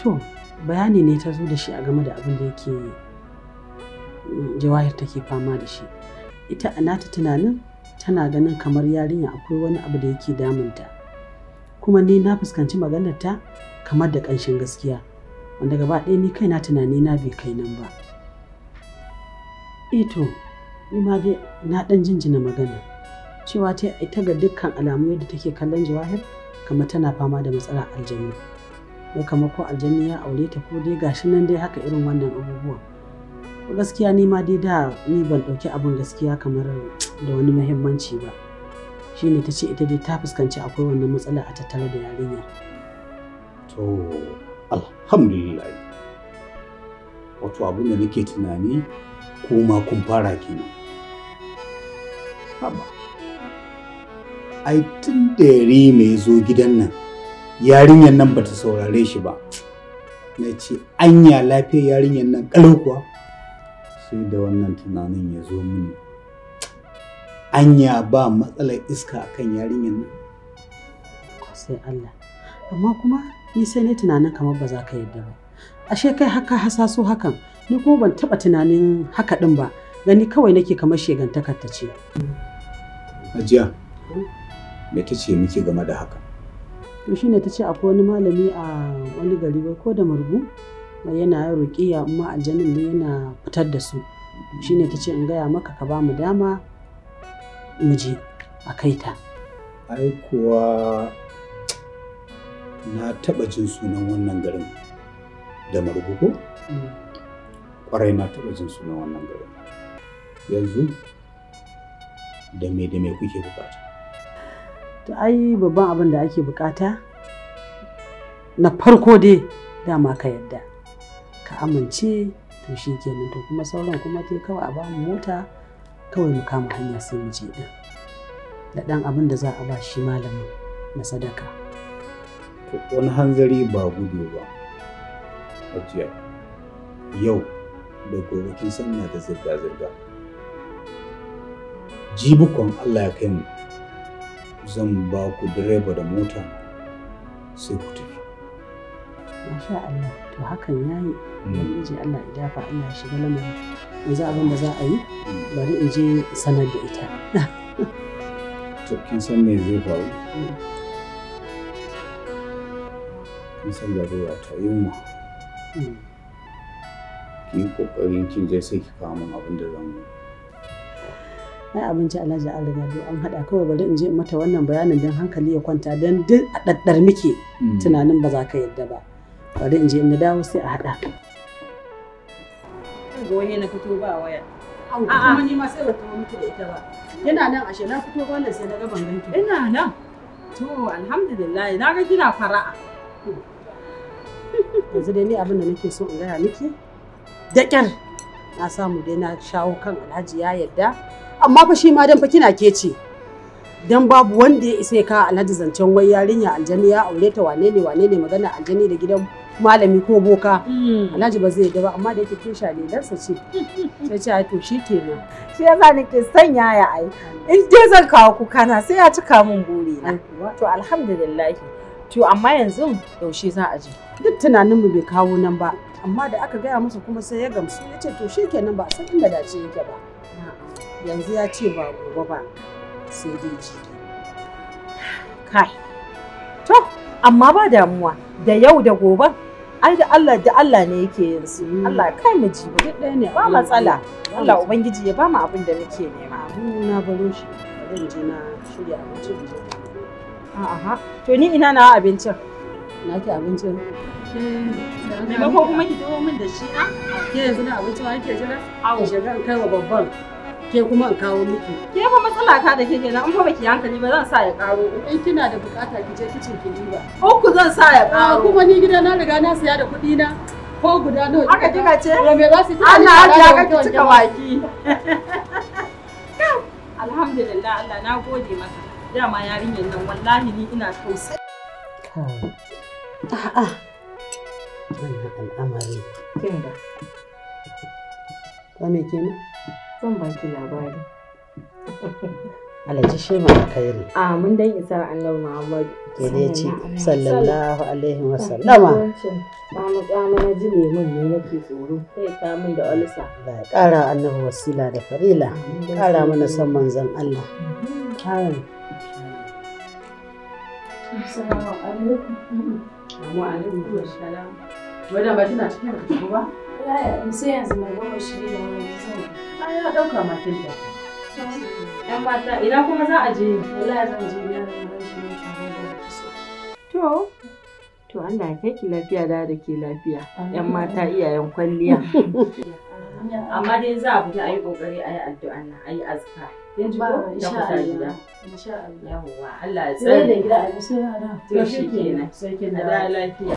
to bayani ne ta zo da shi a game da abin da yake jawahir take fama da shi ita a nata tunanin tana ganin kamar yarinya akwai wani abu da yake damunta kuma ni na fuskanci maganar ta kamar da ƙanshin gaskiya wanda gaba ɗaya ni kaina tunani na bai kai nan ba ito eh ni ma dai na ɗan jinjina magana cewa ta ita ga dukkan alamu yadda take kallon jawahir kamar tana fama da matsala aljanna ko kama ko aljanna ya aure ta ko dai gashi nan dai haka irin wannan abubuwan gaskiya ni ma dai da ni ban ɗauki abin gaskiya kamar da wani muhimmanci ba shine ta ce ita dai ta fuskanci akwai wannan matsala a tattare da yarinya. To, alhamdulillah. Wato abin da nake tunani ko ma kun fara kenan. Haba. Ai tun da yare mai zo gidan nan, yarinyar nan bata saurare shi ba. Na ce anya lafiyar yarinyar nan kalau kuwa. Sai da wannan tunanin ya zo mini. anya ba matsalar iska akan yarinyar nan sai Allah amma kuma ni sai ne tunanin kamar ba za ka yadda ba ashe kai haka hasaso hakan ni kuma ban taba tunanin haka din ba gani kawai nake kamar shegantakar ta ce ajiya hmm? me ta ce miki game da haka to shine ta ce akwai wani malami a wani gari wai ko da margu yana ruƙiya amma aljanin ne yana fitar da su shine ta ce in gaya maka ka ba mu dama miji a kai ta. Ai kuwa na taɓa jin sunan wannan garin da marubuko? Mm. Ƙwarai na taɓa jin sunan wannan garin. Yanzu da me da me kuke bukata? To ai babban abin da ake bukata na farko dai dama ka yadda ka amince to shi kenan to kuma sauran kuma kawai a bamu mota kawai mu kama hanya sai mu je din da ɗan abin da za a ba shi malamin na sadaka wani hanzari ba gudu ba hajiya yau da gobe kin san da zirga-zirga jibukon allah ya kai mu zan ba ku direba da mota sai ku tafi masha allah to hakan yayi hmm. ubangiji allah ya dafa allah shiga lamarin za abin da za a yi bari in je sanar da ita to kin san me zai faru mm. kin san da ruwa ta yunwa ki yi kokarin kin je sai ki kawo min abin da zan yi ai abinci alhaji an riga an haɗa kawai bari in je mata wannan bayanin dan hankali ya kwanta don duk a daddar muke mm. tunanin ba za ka yadda ba bari in je in dawo sai a haɗa ga wani na fito ba waya au kuma ni ma sai ba tawo da ita ba yana nan ashe na fito wannan sai na ga ban ina nan to alhamdulillah na ga kina fara'a yanzu dai ni abin da nake so in gaya miki da kyar na samu dai na shawo kan alhaji ya yadda amma fa shi ma dan fa kina kece dan babu wanda ya isa ya kawo alhaji zancen wai yarinya aljani ya aure ta wane ne wane ne magana aljani da gidan malami ko boka hmm. alhaji ba zai ba amma da yake ke shalilarsa ce sai ce to shi kenan shi yasa nake son yaya ai in je zan kawo kuka na sai ya cika min buri na to alhamdulillah to amma yanzu yaushe za a je duk tunanin mu bai kawo nan ba amma da aka gaya masa kuma sai ya gamsu ya ce to shi kenan ba a san inda dace yake ba yanzu ya ce ba gobe ba sai dai ji kai to amma ba damuwa da yau da gobe ai da Allah da Allah ne yake yin su mm. Allah kai mu ji ba ɗaya ne ba matsala Allah ubangiji ya ba mu abin da muke nema na baro shi zan je na shirya abinci a'a to ni ina na abincin na ki abincin Maimakon kuma ki dawo min da shi na? Ke yanzu na abincin wa kike jira? Awo. Shiga kai wa babban. ke kuma in kawo miki. Ke fa matsala ta da ke kenan in fa baki hankali ba zan sa ya karo. In kina da bukata ki je kicin ki diba. ku zan sa ya karo. Ah, kuma ni gida na riga na siya da kuɗi na. Ko guda nawa. Haka kika ce? Wa me za su ci? Allah hajiya ka ki cika baki. Alhamdulillah Allah na gode maka. Dama yarinyar nan wallahi ni ina tausayi. A'a. Wannan al'amari. Kinga. Ko me kenan? zan baki labari alhaji shi ma A mun dan isa annabi muhammadu ke ne ce sallallahu alaihi wa sallama mu tsama na ji ne mun ne nake tsoro sai ka mun da olsa da ƙara annabi wasila da farila ƙara mana san manzon Allah amin assalamu alaikum wa alaikum assalam Wannan ba tana cikin ba yaya sai yanzu mai goma shi da wani zan ya dauka matar da yan mata idan kuma za a je wallahi zan je shi to to Allah ya kai ki lafiya da da ke lafiya yan mata iyayen kwalliya amma dai za a fita a yi kokari a yi addu'a a yi azka Yanzu ji ko gida insha Allah yawa Allah ya tsare da gida a bisa yara to shi kenan sai da lafiya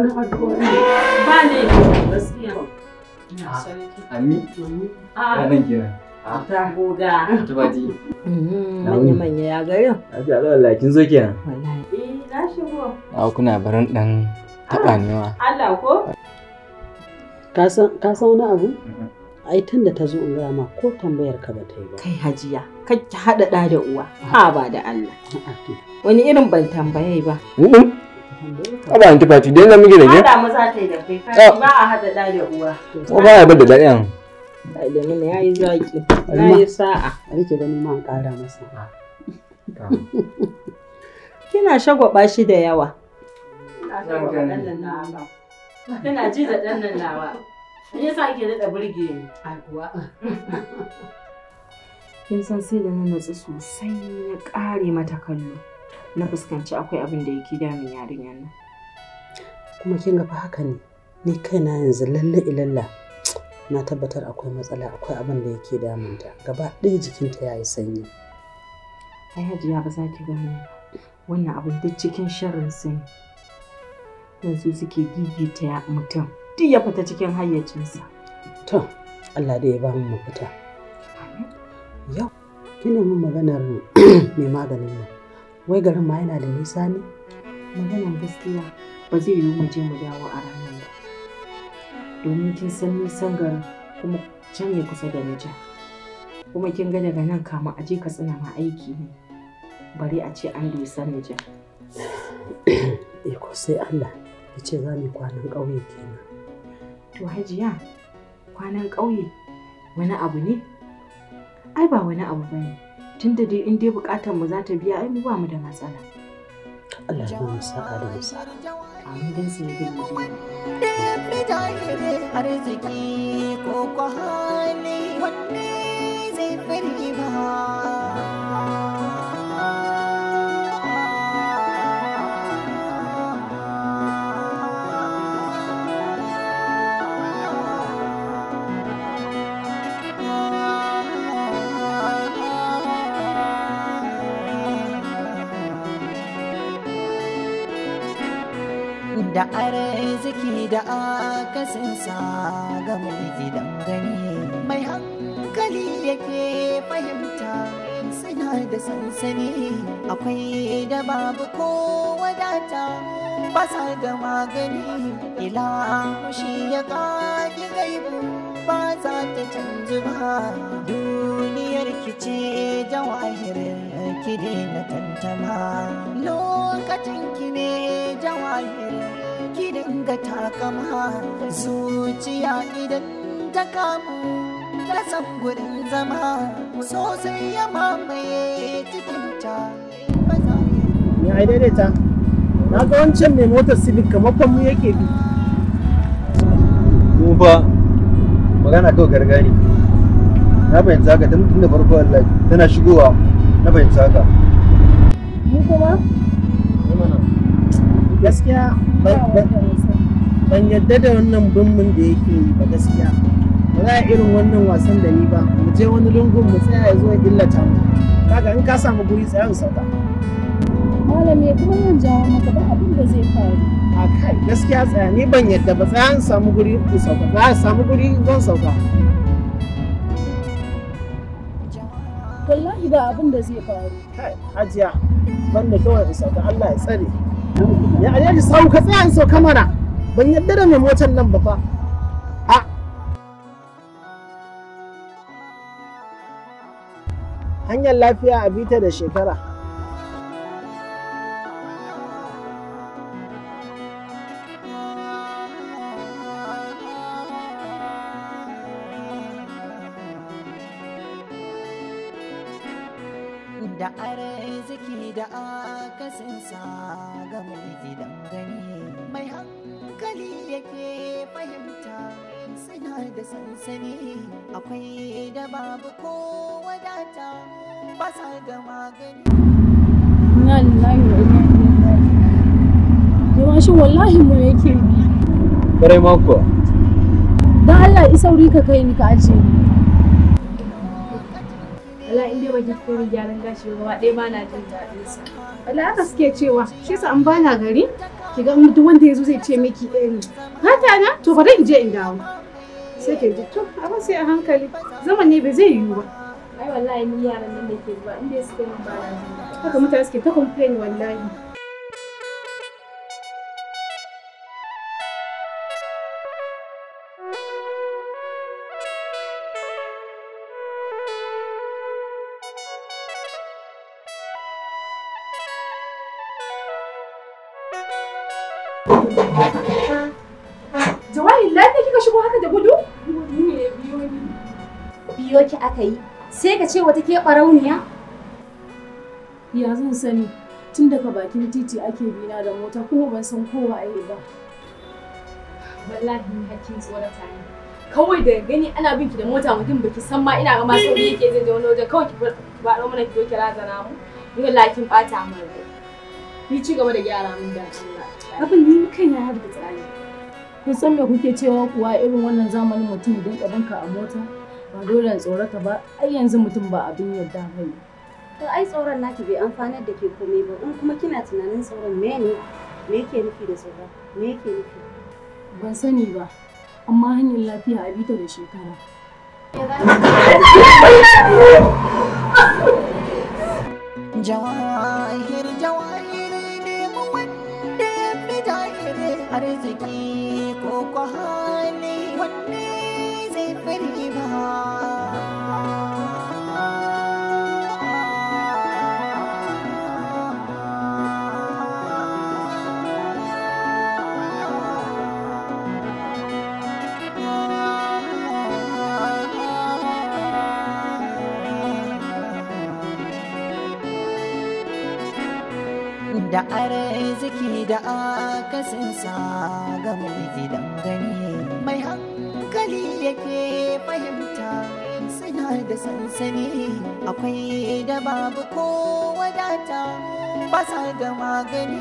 wani addu'a ba ne gaskiya ah, ah. ah. Ta mm-hmm. Manya manya ya Allah kin zo kenan. Eh, na shigo. A kuna barin dan taba ma. Allah ko? Ka san wani abu? ai tun da ta zo in ko tambayar ka ba ta yi ba. Kai hajiya, kai ki haɗa ɗa da uwa, ha ba da Allah. Wani irin ban tambaye ba. Aba anti fati da muke da ke? Ba za ta yi da kai ah. ba a dah dia da uwa. ba ya dah da ɗayan? Da mun yayi zaki. Yayi sa'a. Ah. Kina masa. shi da yawa. Kina ji da ɗan nan nawa. Me yasa ake daɗa burge A kuwa. Kin san sai da na natsu sosai na ƙare mata kallo. na fuskanci akwai abin da yake damin yarinyar nan kuma kin ga fa haka ne ni kaina yanzu lalle ilalla na tabbatar akwai matsala akwai abin da yake ta. gaba ɗaya jikinta ya yi sanyi ai hajiya ba za ki gani wannan abin duk cikin sharrin sun yanzu suke gigita mutum duk ya fita cikin hayyacinsa to Allah da ya ba mu mafita yau kina mun maganar mai maganin nan wai garin ma yana da nisa ne maganan gaskiya ba zai yiwu mu je mu dawo a ranar ba domin kin san nisan garin kuma can ya kusa da Nijar kuma kin ga daga nan kama a je ka tsina ma aiki ne bari a ce an dusa Nijar iko eh, sai Allah ya ce za mu kwanan ƙauye kenan to hajiya kwanan ƙauye wani abu ne ai ba wani abu bane tunda dai in dai bukatar mu za ta biya ai mu ba mu da matsala Allah ya mu sa'a da musara amin dan sai bin mu arziki ko ko hali wanne zai fari ba da arziki da akasinsa ga mai gidan gani mai hankali yake fahimta suna da sansani akwai da babu ko wadata ba sa da magani ila shi ya kaki gaibu ba za ta canji ba duniyar kice jawahirin ki daina tantama lokacin ki ne jawahirin ki dinga takama zuciya idan ta kamu ta san gurin zama sosai ya mamaye cikinta ya za ya ai daidaita na ga wancan mai motar civic kamar mu yake bi mu fa magana kawai gargani na fahimta haka tun da farko wallahi tana shigowa na fahimta haka mu kuma gaskiya ban yadda da wannan bimbin da yake yi ba gaskiya ba za a irin wannan wasan da ni ba mu je wani lungun mu tsaya ya zo ya illata mu kaga in ka samu guri tsaya in sauka malam ya kuma yin jawo maka ba abin da zai faru a kai gaskiya tsaya ni ban yadda ba tsaya in samu guri in sauka za a samu guri zan sauka wallahi ba abin da zai faru kai hajiya da kawai in sauka Allah ya tsare ya alhaji sau ka tsaya in sauka mana ban yadda da mai motar nan ba fa a hanyar lafiya a bita da shekara sa ga mai gidan gani mai hankali yake fahimta suna da sansani akwai da babu ko wadata ba sa da magani yawancin wallahi mu yake bi. Ƙwarai mako. Don Allah isauri ka kai ni ka ajiye wala in dai ban yi gyaran gashi ba gaba ɗaya ba na jin daɗin sa wala haka suke cewa shi yasa an bana gari ki ga duk wanda ya zo zai ce miki eh fata na to bari in je in dawo sai ke ji to abin sai a hankali zaman ne bai zai yiwu ba ai wallahi ni yaran nan da ke ba in dai suka yi ba haka mutane suke ta complain wallahi biyo ki aka yi sai ka ce wata ke barauniya ya zan sani tun daga bakin titi ake bina da mota kuma ban san kowa a yi ba wallahi ni hakkin tsorata ne kawai da gani ana binki da mota mutum baki san ma ina ga ma sau yake zai je wani waje kawai ki faɗo mana ki doki razana mu ni wallahi kin bata min rai ni ci gaba da gyara mun da Allah abin ni kan ya haɗu da tsari kun san me kuke cewa kuwa irin wannan zamanin mutum idan ka banka a mota ba dole tsorata ba ai yanzu mutum ba abin yarda ba ne to ai tsoron naki bai amfanar da ke komai ba in kuma kina tunanin tsoron me ne me yake nufi da tsoron me yake nufi ban sani ba amma hanyar lafiya a bita da shekara jawahir jawahir ne mu wanda ya fi arziki ko kwa da arziki da akasinsa ga mai gidan gani mai hankali hankali yake fahimta suna da sansani akwai da babu ko wadata basa da magani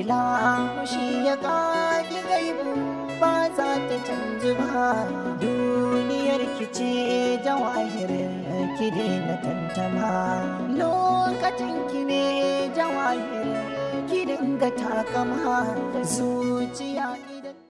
ila shi ya kage gaibu ba za ta canji ba duniyar ki ce jawahir ki daina tantama lokacin ki ne jawahir ki dinga takama zuciya